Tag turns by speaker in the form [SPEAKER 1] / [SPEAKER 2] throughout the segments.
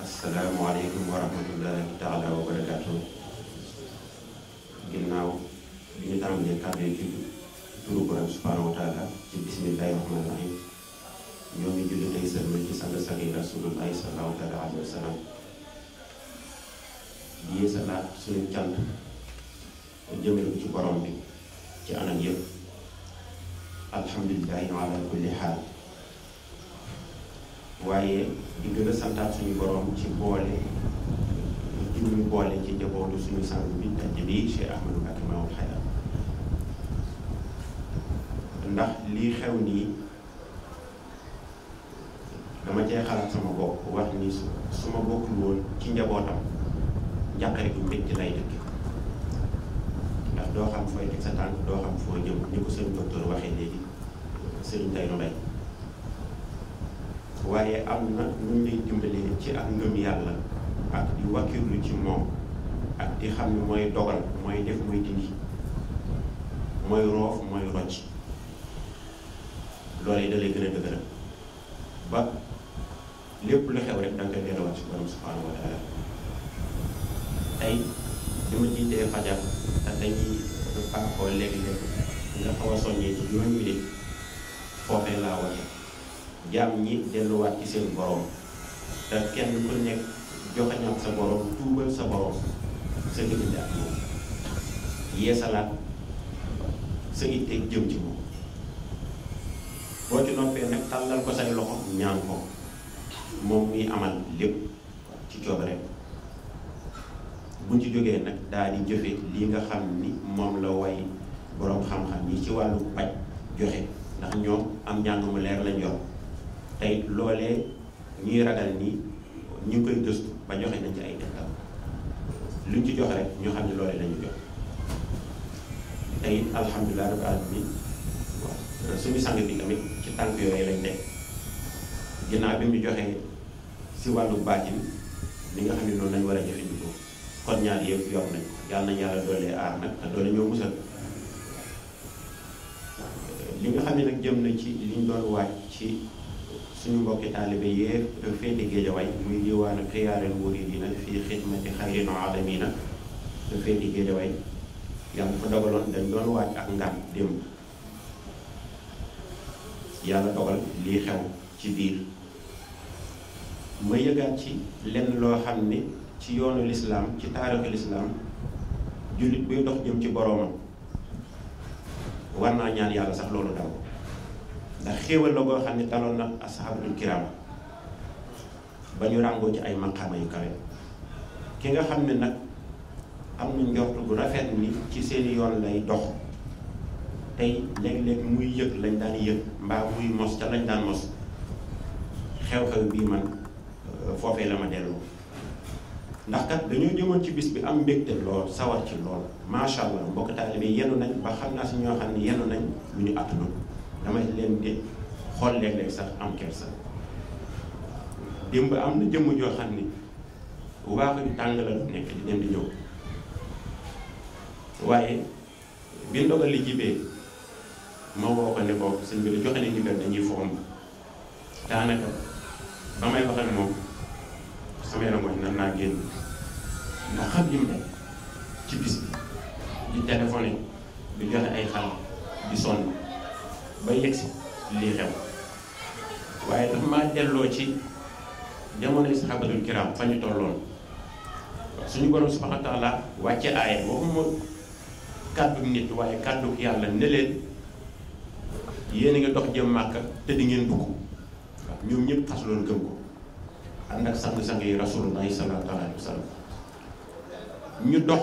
[SPEAKER 1] asalaamualeykum wa rahmatullahi taala wa barakaatu ginnaaw bi ñu tàmbalee kàddu yi ci turu borom subhanahu wa taala ci bismillahi rahmani rahim ñoo ngi julli tey sëlmal ci sang sangi rasulullahi sallallahu taala alayhi wa sallam di yeesalaat suñu cant jëmale ko ci borom bi ci anam yëpp alhamdulilahi ala kulli xaal waaye di gën a santaat suñu borom ci boole ci ñu boole ci njabootu suñu sang bi daje bi Cheikh Ahmadou Mbacké Maoul Hayaat ndax lii xew nii dama cee xalaat sama bokk wax ni su ma bokkul woon ci njabootam njàqare bu métti lay dëkk ndax doo xam fooy teg sa tànk doo xam foo jëm ni ko sëñ docteur waxee léegi sëriñ lu Mbay waaye am na nu lay dimbalee ci ak ngëm yàlla ak di wakkirlu ci moom ak di xam ne mooy dogal mooy def mooy dindi mooy roof mooy rocc loolee da lay gën a dëgëral ba lépp lu xew rek da nga koy delluwaat ci borom subhaanahu wa taala tey li ma fajar te dañuy faaxoo léegi-léegi nga xaw a soññee ci yoon de foofee laa waxe jaam ñi delluwaat ci seen borom te kenn ku nekk joxañaat sa borom tuubal sa borom sa diggante ak moom yeesalaat sa itteeg jëm ci moom boo noppee nag tàllal ko say loxo ñaan moom muy amal lépp ci coobare buñ ci jógee nag daal di jëfe li nga xam ni moom la way boroom xam-xam yi ci wàllu paj joxe ndax ñoom am njàng mu leer lañ yor tey loolee ñuy ragal nii ñu ngi koy gëstu ba joxe nañ ci ay tegtal luñ ci jox rek ñu xam ne loolee lañu jox tey alhamdulilah rabbil alamin suñu sang bi tamit ci tànk yooyu lañ nekk ginnaaw bi mu joxee si wàllu baatin li nga xam ne lool lañ war a jëfandikoo kon ñaar yëpp yor nañ yàlla nañ yàlla aar nag te ñoo musal li nga xam ne nag jëm na ci liñ doon waaj ci suñu mbokki taalibe yépp féete géejawaay muy diwaanu xiyaareel muridina fii xidmati xayril aalamina féete géejawaay yàlla fa dogaloon dañ doon waaj ak ngan démb yàlla dogal lii xew ci biir ma yëgaat ci lenn loo xam ni ci yoonu lislaam ci taarixu lislaam jullit buy dox jëm ci boroomam war naa ñaan yàlla sax loolu daw ndax xéewal la goo xam ne daloon na asxaabul kiraam ba ñu ràngoo ci ay maqaama yu kawe ki nga xam ne nag am na njort bu rafet ni ci seeni yoon lay dox tey léeg-léeg muy yëg lañ daan yëg mbaa muy mos ca lañ daan mos xew-xew bii man foofee la ma delloo ndax kat dañoo jëmoon ci bis bi am mbégte lool sawar ci lool macha allah mbokk taalibe yenu nañ ba xam naa si ñoo xam ne yenu nañ lu ñu attanu damay leen di xool léeg-léeg sax am kersa démb am na jëmm joo xam ni waaxuñ tàng la nekk di dem di ñëw waaye bi ndogal li jibee ma woo ko ne ko sëñ di joxe ne ndigal dañuy foom daanaka ba may wax ak moom sama yaram wax na naa génn ndax xam yi ci bis bi di téléphoné di joxe ay xalaat di sonn ba yegg lii xew waaye dafa maa delloo ci jamonoy saxaabatul kiram fa ñu tolloon suñu borom subhanahu wa taala wàcce aaya waxuma kàddu nit waaye kàddu yàlla ne leen yéen a ngi dox jëm màkka te di ngeen dugg waaw ñoom ñëpp xas loolu gëm ko ànd ak sang-sang yi rasulullahi sallallahu alayhi wa sallam ñu dox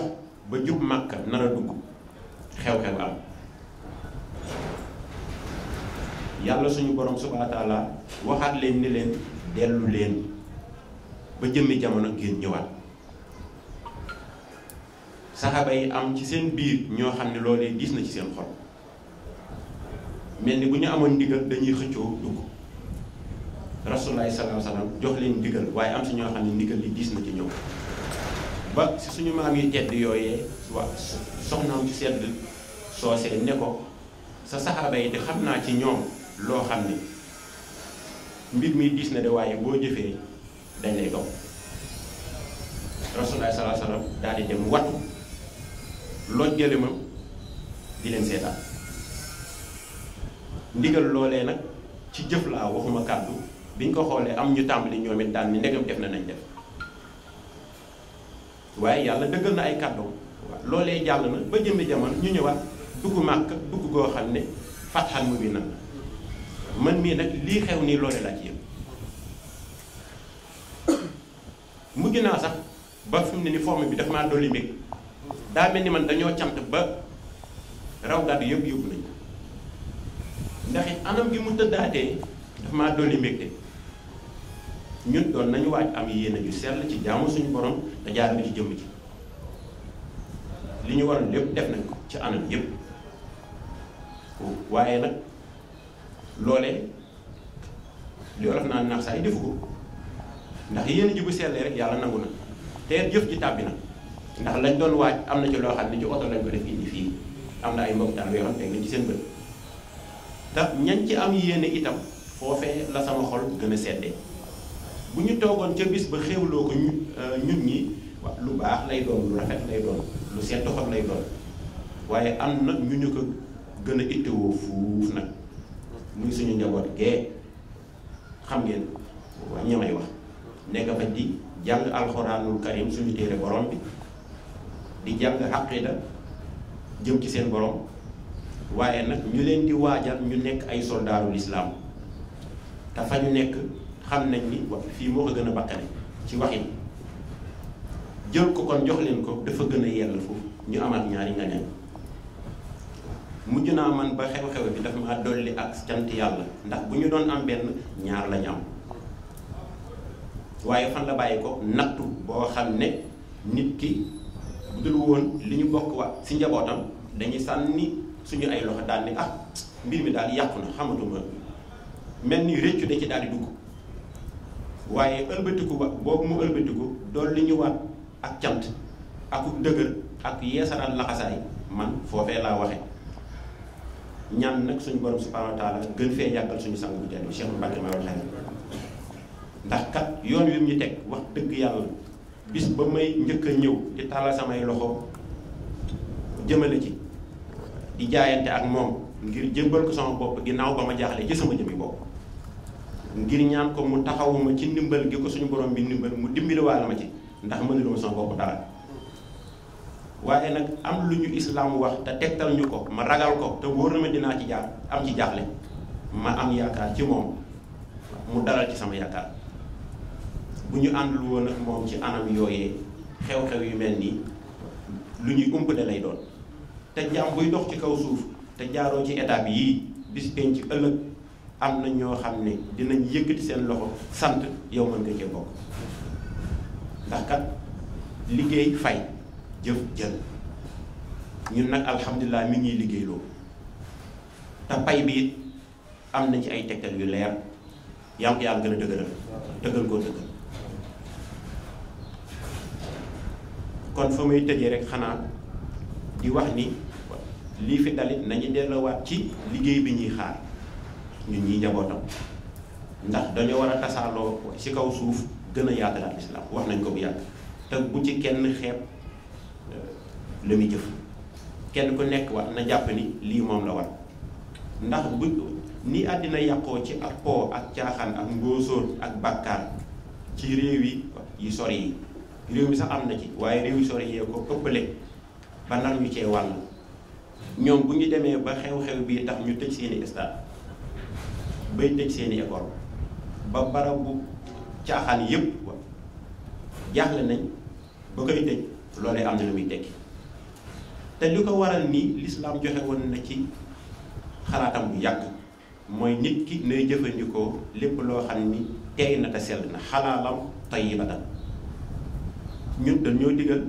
[SPEAKER 1] ba jub màkka nar a dugg xew-xew am yàlla suñu borom subhaana taala waxaat leen ni leen dellu leen ba jëmmi jamono ngeen ñëwaat saxaaba yi am ci seen biir ñoo xam ne loolee diis na ci seen xol mel ni bu ñu amoon ndigal dañuy xëccoo dugg rasulaay salaam salaam jox leen ndigal waaye am si ñoo xam ne ndigal li diis na ci ñëw ba si suñu maam yi tedd yooyee wa soxnaam ci sedd soosee ne ko sa saxaaba yi te xam naa ci ñoom loo xam ni mbir mi diis na de waaye boo jëfee dañ lay dox rasulullah sallallahu alayhi wasallam daal di dem wattu looj gëléemam di leen seetaan ndigal loolee nag ci jëf laa waxuma kàddu biñ ko xoolee am ñu tàmbali ñoom it daan ni ndegam def na nañ def waaye yàlla dëggal na ay kàddoom waaw loolee jàll na ba jëmmi jamono ñu ñëwaat dugg màkk dugg goo xam ne fatxan mu bi nan man mii nag lii xew nii loole laa ci yëpp mujj naa sax ba fi ne ni forme bi dafa maa dolli mbég daa ni man dañoo cant ba raw gàddu yëpp yóbbu nañ ndax anam gi mu tëddaatee dafa maa dolli mbég de ñun doon nañu waaj am yéene yu sell ci jaamu suñu borom te jaar bi ci jëmm ji li ñu war lépp def nañ ko ci anam yëpp waaye nag loole li olof naan naax saay defu ko ndax yéen ji sellee rek yàlla nangu na te jëf ji tàbbi na ndax lañ doon waaj am na ci loo xam ne ci fii am na ay mbokk taal yoo xam teg ci seen bët te ñañ ci am yéene itam foofe la sama xol gën a seddee bu ñu toogoon ca bis ba xéwloo ko ñu euh, ñun ñi wa lu baax lay doon lu rafet lay doon lu sedd xol lay doon waaye am nag ñu ñu ko gën a ittewoo fuuf nag muy suñu njaboot gee xam ngeen ñi may wax nekk fa di jàng alxuraanul karim suñu téere borom bi di jàng xaqida jëm ci seen borom waaye nag ñu leen di waajal ñu nekk ay soldaarul islaam te fa ñu nekk xam nañ ni wax fii moo ko gën a bakkane ci waxin jël ko kon jox leen ko dafa gën a yell foofu ñu amaat ñaari nga mujj naa man ba xew-xew bi daf ma doli ak cyant yalla ndax buñu don am ben ñaar la ñam waye fan la bayiko ko nattu boo nit ki dul woon bokk wa si njabotam dañuy sanni suñu ay loxo dal ni ah mbir mi dal yakuna na xamatuma melni reccu réccu da ci dal di dugg waye ëlbatiku ba bokku mu ëlbatiku dol liñu wat ak cyant ak deugal ak yeesaral laxasaay man fofé la waxé ñaan nak suñu borom subhanahu wa taala gën fe yàggal suñu sang bu tedd Cheikh Mbacké Mawal Khali ndax kat yoon yu ñu tek wax dëgg yalla bis ba may njëkk a ñëw di tàllal samay loxo jëmele ci di jaayante ak mom ngir jëmbal ko sama bop ginaaw ba ma jaxlé ci sama jëmi bop ngir ñaan ko mu taxawuma ci nimbal gi ko suñu borom bi nimbal mu dimbaliwaale walama ci ndax mënuluma sama bop dara waaye nag am lu ñu islam wax te tegtal ñu ko ma ragal ko te wóor na ma dinaa ci jaar am ci jaaxle ma am yaakaar ci moom mu dalal ci sama yaakaar bu ñu àndul woon ak moom ci anam yooyee xew-xew yu mel nii lu ñuy umpale lay doon te jaam buy dox ci kaw suuf te jaaroo ci étape yii bis penc ci ëllëg am na ñoo xam ne dinañ yëkkati seen loxo sant yow mën nga cee bokk ndax kat liggéey fay. jëf jël ñun nag alhamdulilah mi ngi liggéey liggéeyloo te pay bi am na ci ay tegtal yu leer yaa ko yàlla gën a dëgëral dëggal koo dëggal kon fa muy tëjee rek xanaa di wax ni lii fi dalit nañu delluwaat ci liggéey bi ñuy xaar ñun ñi njabootam ndax dañu war a tasaarloo ci kaw suuf gën a yaatal al islam wax nañ ko bu yàgg te bu ci kenn xeeb la jëf kenn ku nekk war na jàpp ni lii moom la war ndax bu ni àddina yàqoo ci ak ak caaxaan ak ngóosóor ak bàkkaar ci réew yi yi yi réew mi sax am na ci waaye réew yi sori yee ko ëppale ba nar ñu cee wàll ñoom bu ñu demee ba xew-xew bii tax ñu tëj seeni stade bay tëj seeni école ba barab bu caaxaan yépp jaaxle nañ ba koy tëj loolee am na lu muy tekki te li ko waral ni lislaam joxe woon na ci xalaatam bu yàgg mooy nit ki nay jëfandikoo lépp loo xam ni teey na te sell na xalaalam tayyibadan ñun dañoo digal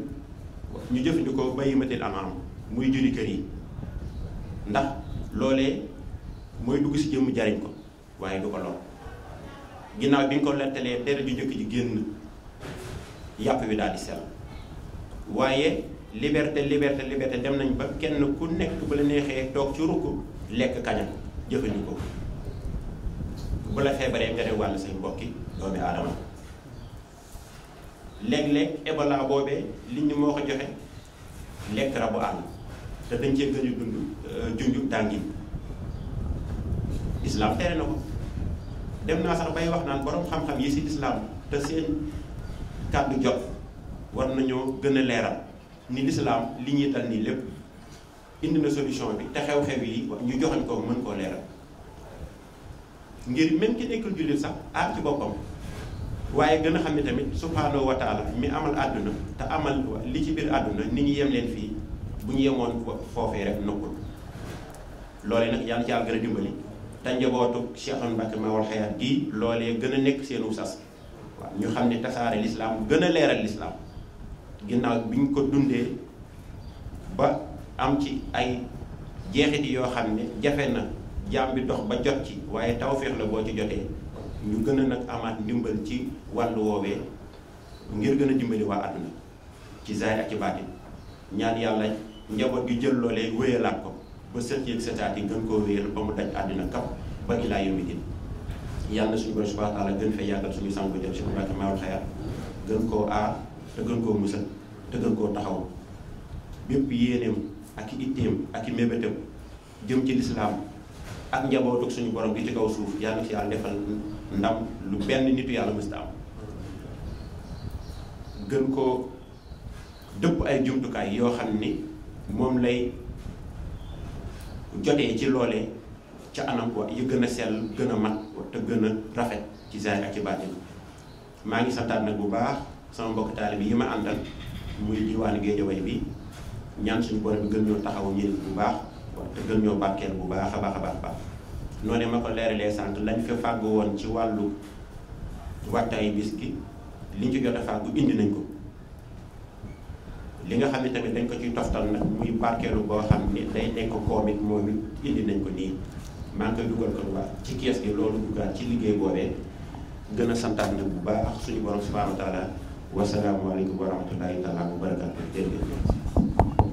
[SPEAKER 1] ñu jëfandikoo bay bahiimatil an'aam muy juri kër yi ndax loolee mooy dugg ci jëmm jariñ ko waaye du ko lool ginnaaw bi nga ko lettalee dere ju njëkk ji génn yàpp wi daal di sell waaye liberté liberté liberté dem nañ ba kenn ku nekk bu la neexee toog ci rukk lekk kaña jëfandikoo bu la feebaree nga dem wàll say mbokki doomi aadama léeg-léeg Ebola boobee li ñu moo ko joxe lekk rabu àll te dañ cee gën a dund euh, junjub tàngi islam tere na ko dem naa sax bay wax naan borom xam-xam yi si islam te seen kàddu jot war nañoo gën a leeral ni lislaam li ñuy dal nii lépp indi na solution bi te xew-xew yi ñu joxañ ko mën koo leeral ngir même ki nekkul jullit sax aar ci boppam waaye gën a xam ne tamit subhaanahu wa mi amal àdduna te amal li ci biir àdduna nit ñi yem leen fii bu ñu yemoon foofee rek nokkul loolee nag yàlla ci yàlla dimbali te njabootu Cheikh Mbacke Mawal xayaat gii loolee gën a nekk seenu sas waaw ñu xam ne tasaare lislaam gën a leeral lislaam ginnaaw bi ñu ko dundee ba am ci ay jeexit yoo xam ne jafe na jaam bi dox ba jot ci waaye tawféex la boo ci jotee ñu gën a nag amaat ndimbal ci wàllu woowee ngir gën a dimbali waa àdduna ci zaahir ak ci baatin ñaan yàlla njaboot gi jël loolee wéyalaat ko ba sët yëg sëtaat yi gën koo wéyal ba mu daj àddina kap ba ilaa yawmi yàlla na suñu borom subhaanahu wa gën fee yàggal suñu sang bu jëm si Mbàkke Maawul gën koo aar te gën koo musal te gën koo taxaw bépp yéeneem ak i ak i mébétam jëm ci lislaam ak njaboot suñu borom gi ci kaw suuf yàlla ci yàlla defal ndam lu benn nit yàlla mësta am gën koo dëpp ay jumtukaay yoo xam ni moom lay jotee ci loolee ca anam ko yu gën a sell gën a mat te gën a rafet ci zaahir ak ci baatin maa ngi santaat nag bu baax sama bokk taalibe yi ma àndal muy diwaan way bi ñaan suñu borom bi gën ñoo taxaw ñeel bu baax te gën ñoo barkeel bu baax a baax baax baax noonu ma ko leeralee sant lañ fi fagu won ci walu wattay biski liñ ci jotta fagu indi nañ ko li nga xamni tamit dañ ko ci toftal nak muy barkelu bo xamni day nekk koom it indi nañ ko ni ma ngi koy dugal ko waa ci kees gi lolu duggaat ci liggey boobee gëna a bu baax suñu borom subhanahu wa taala wasalaamualeykum wa rahmatullahi taala wa barakaatu jërëjëf